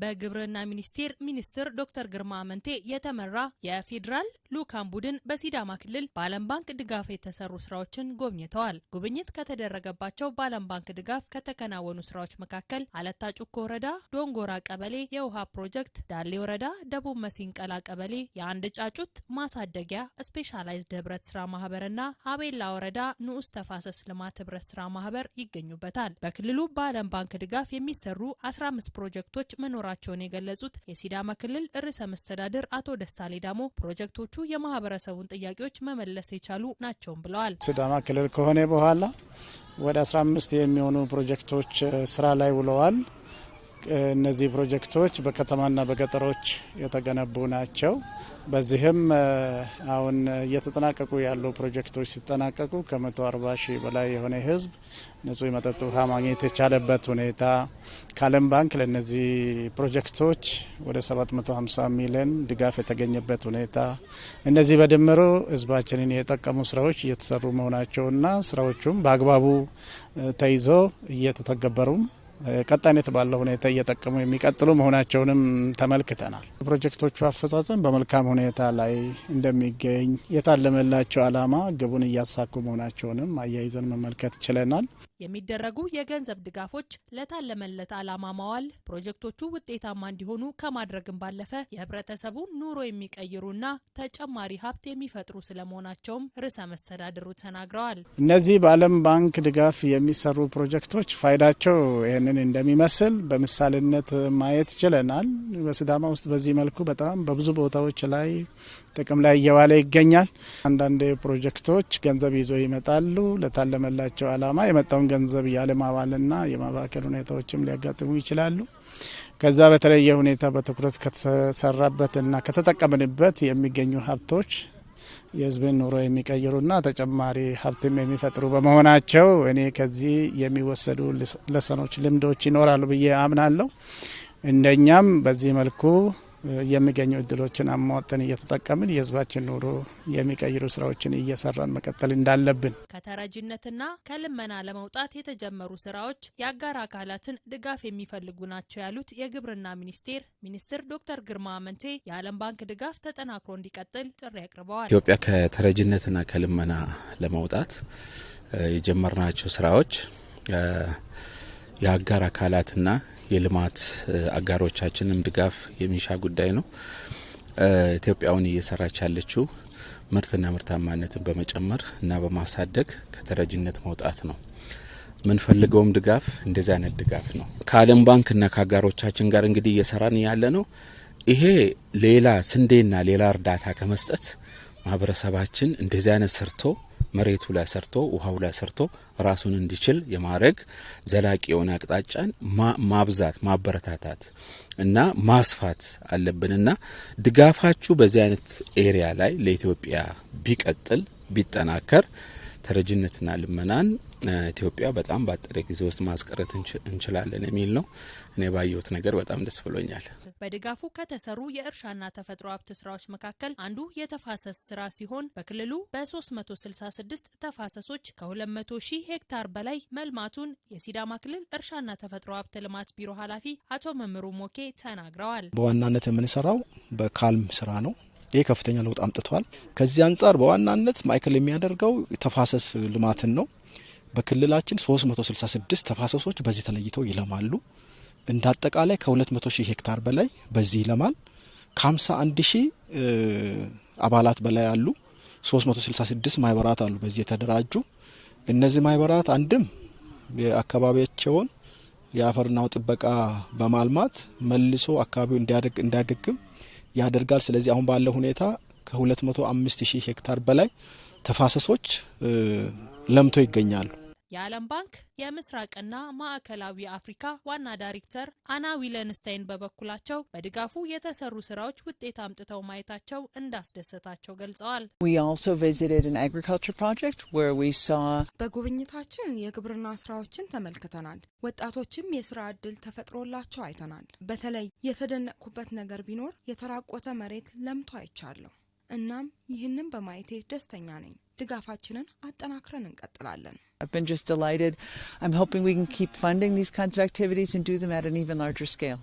በግብርና ሚኒስቴር ሚኒስትር ዶክተር ግርማ አመንቴ የተመራ የፌዴራል ልዑካን ቡድን በሲዳማ ክልል በዓለም ባንክ ድጋፍ የተሰሩ ስራዎችን ጎብኝተዋል። ጉብኝት ከተደረገባቸው በዓለም ባንክ ድጋፍ ከተከናወኑ ስራዎች መካከል አለታ ጩኮ ወረዳ ዶንጎራ ቀበሌ የውሃ ፕሮጀክት፣ ዳሌ ወረዳ ደቡብ መሲንቀላ ቀበሌ የአንድ ጫጩት ማሳደጊያ ስፔሻላይዝድ ህብረት ስራ ማህበርና ሀቤላ ወረዳ ንዑስ ተፋሰስ ልማት ህብረት ስራ ማህበር ይገኙበታል። በክልሉ በዓለም ባንክ ድጋፍ የሚሰሩ 15 ፕሮጀክቶች መኖር መኖራቸውን የገለጹት የሲዳማ ክልል ርዕሰ መስተዳድር አቶ ደስታ ሌዳሞ ፕሮጀክቶቹ የማህበረሰቡን ጥያቄዎች መመለስ የቻሉ ናቸውም ብለዋል። ሲዳማ ክልል ከሆነ በኋላ ወደ 15 የሚሆኑ ፕሮጀክቶች ስራ ላይ ውለዋል። እነዚህ ፕሮጀክቶች በከተማና በገጠሮች የተገነቡ ናቸው። በዚህም አሁን እየተጠናቀቁ ያሉ ፕሮጀክቶች ሲጠናቀቁ ከ140 ሺህ በላይ የሆነ ሕዝብ ንጹህ መጠጥ ውሃ ማግኘት የቻለበት ሁኔታ ከዓለም ባንክ ለእነዚህ ፕሮጀክቶች ወደ 750 ሚሊዮን ድጋፍ የተገኘበት ሁኔታ እነዚህ በድምሩ ሕዝባችንን የጠቀሙ ስራዎች እየተሰሩ መሆናቸውና ስራዎቹም በአግባቡ ተይዞ እየተተገበሩም ቀጣይነት ባለው ሁኔታ እየጠቀሙ የሚቀጥሉ መሆናቸውንም ተመልክተናል። ፕሮጀክቶቹ አፈጻጸም በመልካም ሁኔታ ላይ እንደሚገኝ የታለመላቸው ዓላማ ግቡን እያሳኩ መሆናቸውንም አያይዘን መመልከት ችለናል። የሚደረጉ የገንዘብ ድጋፎች ለታለመለት ዓላማ ማዋል ፕሮጀክቶቹ ውጤታማ እንዲሆኑ ከማድረግም ባለፈ የህብረተሰቡን ኑሮ የሚቀይሩና ተጨማሪ ሀብት የሚፈጥሩ ስለመሆናቸውም ርዕሰ መስተዳድሩ ተናግረዋል። እነዚህ በዓለም ባንክ ድጋፍ የሚሰሩ ፕሮጀክቶች ፋይዳቸው ይህንን እንደሚመስል በምሳሌነት ማየት ችለናል። በስዳማ ውስጥ በዚህ መልኩ በጣም በብዙ ቦታዎች ላይ ጥቅም ላይ እየዋለ ይገኛል። አንዳንድ ፕሮጀክቶች ገንዘብ ይዘው ይመጣሉ። ለታለመላቸው አላማ የመጣውን ገንዘብ ያለማዋልና የማባከል ሁኔታዎችም ሊያጋጥሙ ይችላሉ። ከዛ በተለየ ሁኔታ በትኩረት ከተሰራበትና ከተጠቀምንበት የሚገኙ ሀብቶች የህዝብን ኑሮ የሚቀይሩና ተጨማሪ ሀብትም የሚፈጥሩ በመሆናቸው እኔ ከዚህ የሚወሰዱ ለሰኖች ልምዶች ይኖራሉ ብዬ አምናለሁ። እንደኛም በዚህ መልኩ የሚገኙ እድሎችን አሟጠን እየተጠቀምን የህዝባችን ኑሮ የሚቀይሩ ስራዎችን እየሰራን መቀጠል እንዳለብን ከተረጅነትና ከልመና ለመውጣት የተጀመሩ ስራዎች የአጋር አካላትን ድጋፍ የሚፈልጉ ናቸው ያሉት የግብርና ሚኒስቴር ሚኒስትር ዶክተር ግርማ አመንቴ የዓለም ባንክ ድጋፍ ተጠናክሮ እንዲቀጥል ጥሪ አቅርበዋል። ኢትዮጵያ ከተረጅነትና ከልመና ለመውጣት የጀመርናቸው ስራዎች የአጋር አካላትና የልማት አጋሮቻችንም ድጋፍ የሚሻ ጉዳይ ነው። ኢትዮጵያውን እየሰራች ያለችው ምርትና ምርታማነትን በመጨመር እና በማሳደግ ከተረጅነት መውጣት ነው። ምንፈልገውም ድጋፍ እንደዚህ አይነት ድጋፍ ነው። ከዓለም ባንክ ከአጋሮቻችን ጋር እንግዲህ እየሰራን ያለ ነው። ይሄ ሌላ ስንዴና ሌላ እርዳታ ከመስጠት ማህበረሰባችን እንደዚህ አይነት ሰርቶ መሬቱ ላይ ሰርቶ ውሃው ላይ ሰርቶ ራሱን እንዲችል የማድረግ ዘላቂ የሆነ አቅጣጫን ማብዛት ማበረታታት እና ማስፋት አለብንና ድጋፋችሁ በዚህ አይነት ኤሪያ ላይ ለኢትዮጵያ ቢቀጥል ቢጠናከር ተረጅነትና ልመናን ኢትዮጵያ በጣም በአጠረ ጊዜ ውስጥ ማስቀረት እንችላለን የሚል ነው። እኔ ባየሁት ነገር በጣም ደስ ብሎኛል። በድጋፉ ከተሰሩ የእርሻና ተፈጥሮ ሀብት ስራዎች መካከል አንዱ የተፋሰስ ስራ ሲሆን በክልሉ በ366 ተፋሰሶች ከ200 ሺህ ሄክታር በላይ መልማቱን የሲዳማ ክልል እርሻና ተፈጥሮ ሀብት ልማት ቢሮ ኃላፊ አቶ መምሩ ሞኬ ተናግረዋል። በዋናነት የምንሰራው በካልም ስራ ነው። ይህ ከፍተኛ ለውጥ አምጥቷል። ከዚህ አንጻር በዋናነት ማዕከል የሚያደርገው ተፋሰስ ልማትን ነው። በክልላችን 366 ተፋሰሶች በዚህ ተለይተው ይለማሉ። እንደ አጠቃላይ ከ200 ሺህ ሄክታር በላይ በዚህ ይለማል። ከ51 ሺህ አባላት በላይ አሉ። 366 ማህበራት አሉ በዚህ የተደራጁ። እነዚህ ማህበራት አንድም የአካባቢያቸውን የአፈርናው ጥበቃ በማልማት መልሶ አካባቢው እንዲያገግም ያደርጋል። ስለዚህ አሁን ባለው ሁኔታ ከ205 ሺህ ሄክታር በላይ ተፋሰሶች ለምቶ ይገኛሉ። የዓለም ባንክ የምስራቅና ማዕከላዊ አፍሪካ ዋና ዳይሬክተር አና ዊለንስታይን በበኩላቸው በድጋፉ የተሰሩ ስራዎች ውጤት አምጥተው ማየታቸው እንዳስደሰታቸው ገልጸዋል። በጉብኝታችን የግብርና ስራዎችን ተመልክተናል። ወጣቶችም የስራ እድል ተፈጥሮላቸው አይተናል። በተለይ የተደነቅኩበት ነገር ቢኖር የተራቆተ መሬት ለምቶ አይቻለሁ። እናም ይህንን በማየቴ ደስተኛ ነኝ። ድጋፋችንን አጠናክረን እንቀጥላለን። I've been just delighted. I'm hoping we can keep funding these kinds of activities and do them at an even larger scale.